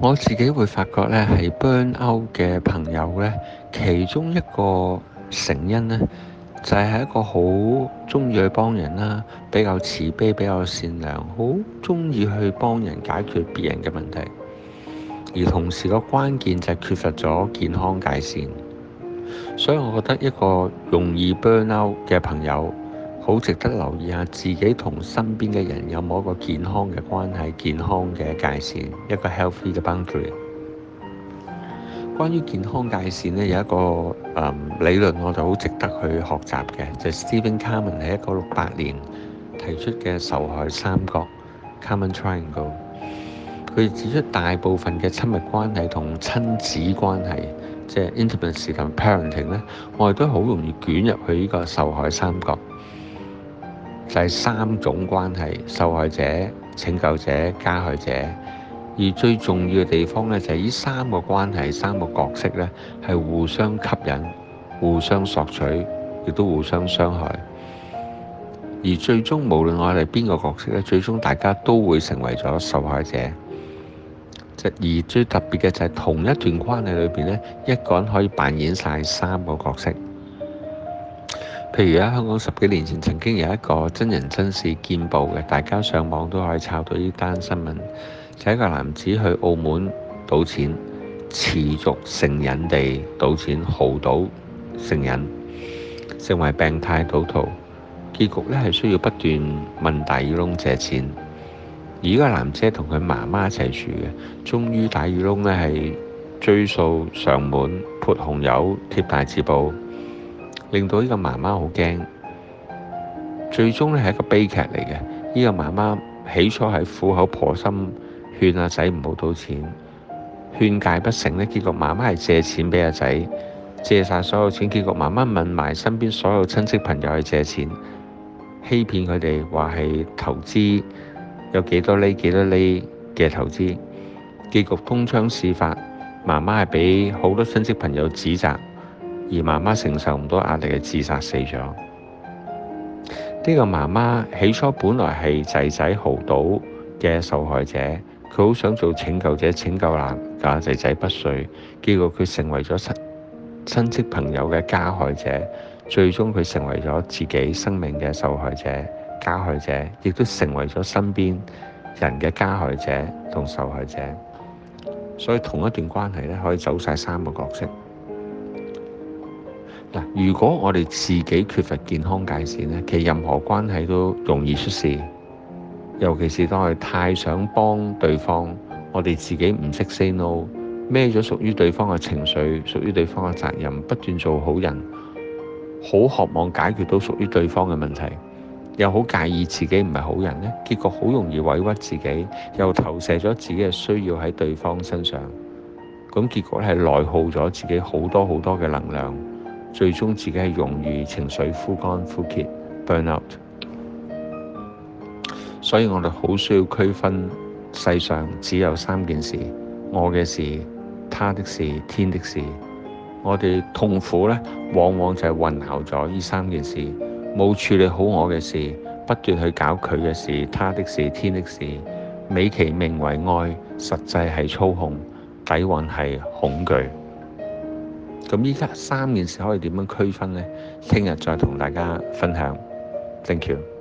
我自己會發覺咧，係 burn out 嘅朋友呢，其中一個成因呢，就係一個好鍾意去幫人啦，比較慈悲、比較善良，好鍾意去幫人解決別人嘅問題。而同時嘅關鍵就係缺乏咗健康界線，所以我覺得一個容易 burn out 嘅朋友。好值得留意下自己同身邊嘅人有冇一個健康嘅關係、健康嘅界線，一個 healthy 嘅 boundary。關於健康界線呢，有一個、呃、理論，我就好值得去學習嘅，就是、Stephen c a m i n 喺一九六八年提出嘅受害三角 c a m i n Triangle）。佢 Tri 指出，大部分嘅親密關係同親子關係，即、就、係、是、intimacy 同 parenting 呢，我哋都好容易捲入去呢個受害三角。就係三種關係：受害者、拯救者、加害者。而最重要嘅地方呢，就係呢三個關係、三個角色呢，係互相吸引、互相索取，亦都互相傷害。而最終，無論我哋邊個角色呢，最終大家都會成為咗受害者。而最特別嘅就係同一段關係裏邊呢，一個人可以扮演晒三個角色。譬如啊，香港十幾年前曾經有一個真人真事見報嘅，大家上網都可以抄到呢單新聞。就係一個男子去澳門賭錢，持續成癮地賭錢，豪賭成癮，成為病態賭徒。結局呢係需要不斷問大耳窿借錢。而依家男子同佢媽媽一齊住嘅，終於大耳窿呢係追數上門，潑紅油貼大字報。令到呢個媽媽好驚，最終呢係一個悲劇嚟嘅。呢個媽媽起初係苦口婆心勸阿仔唔好賭錢，勸解不成呢結局，媽媽係借錢俾阿仔，借晒所有錢，結局，媽媽問埋身邊所有親戚朋友去借錢，欺騙佢哋話係投資有幾多厘幾多厘嘅投資，結局東窗事發，媽媽係俾好多親戚朋友指責。而媽媽承受唔到壓力，係自殺死咗。呢個媽媽起初本來係仔仔豪賭嘅受害者，佢好想做拯救者、拯救男，但仔仔不遂。結果佢成為咗親親戚朋友嘅加害者，最終佢成為咗自己生命嘅受害者、加害者，亦都成為咗身邊人嘅加害者同受害者。所以同一段關係咧，可以走晒三個角色。如果我哋自己缺乏健康界線咧，其實任何關係都容易出事。尤其是當我哋太想幫對方，我哋自己唔識 say no，孭咗屬於對方嘅情緒、屬於對方嘅責任，不斷做好人，好渴望解決到屬於對方嘅問題，又好介意自己唔係好人咧，結果好容易委屈自己，又投射咗自己嘅需要喺對方身上，咁結果係內耗咗自己好多好多嘅能量。最終自己係容易情緒枯乾枯竭，burn out。所以我哋好需要區分世上只有三件事：我嘅事、他的事、天的事。我哋痛苦呢，往往就係混淆咗呢三件事，冇處理好我嘅事，不斷去搞佢嘅事、他的事、天的事。美其名為愛，實際係操控，底藴係恐懼。咁依家三件事可以點樣區分咧？聽日再同大家分享，Thank you。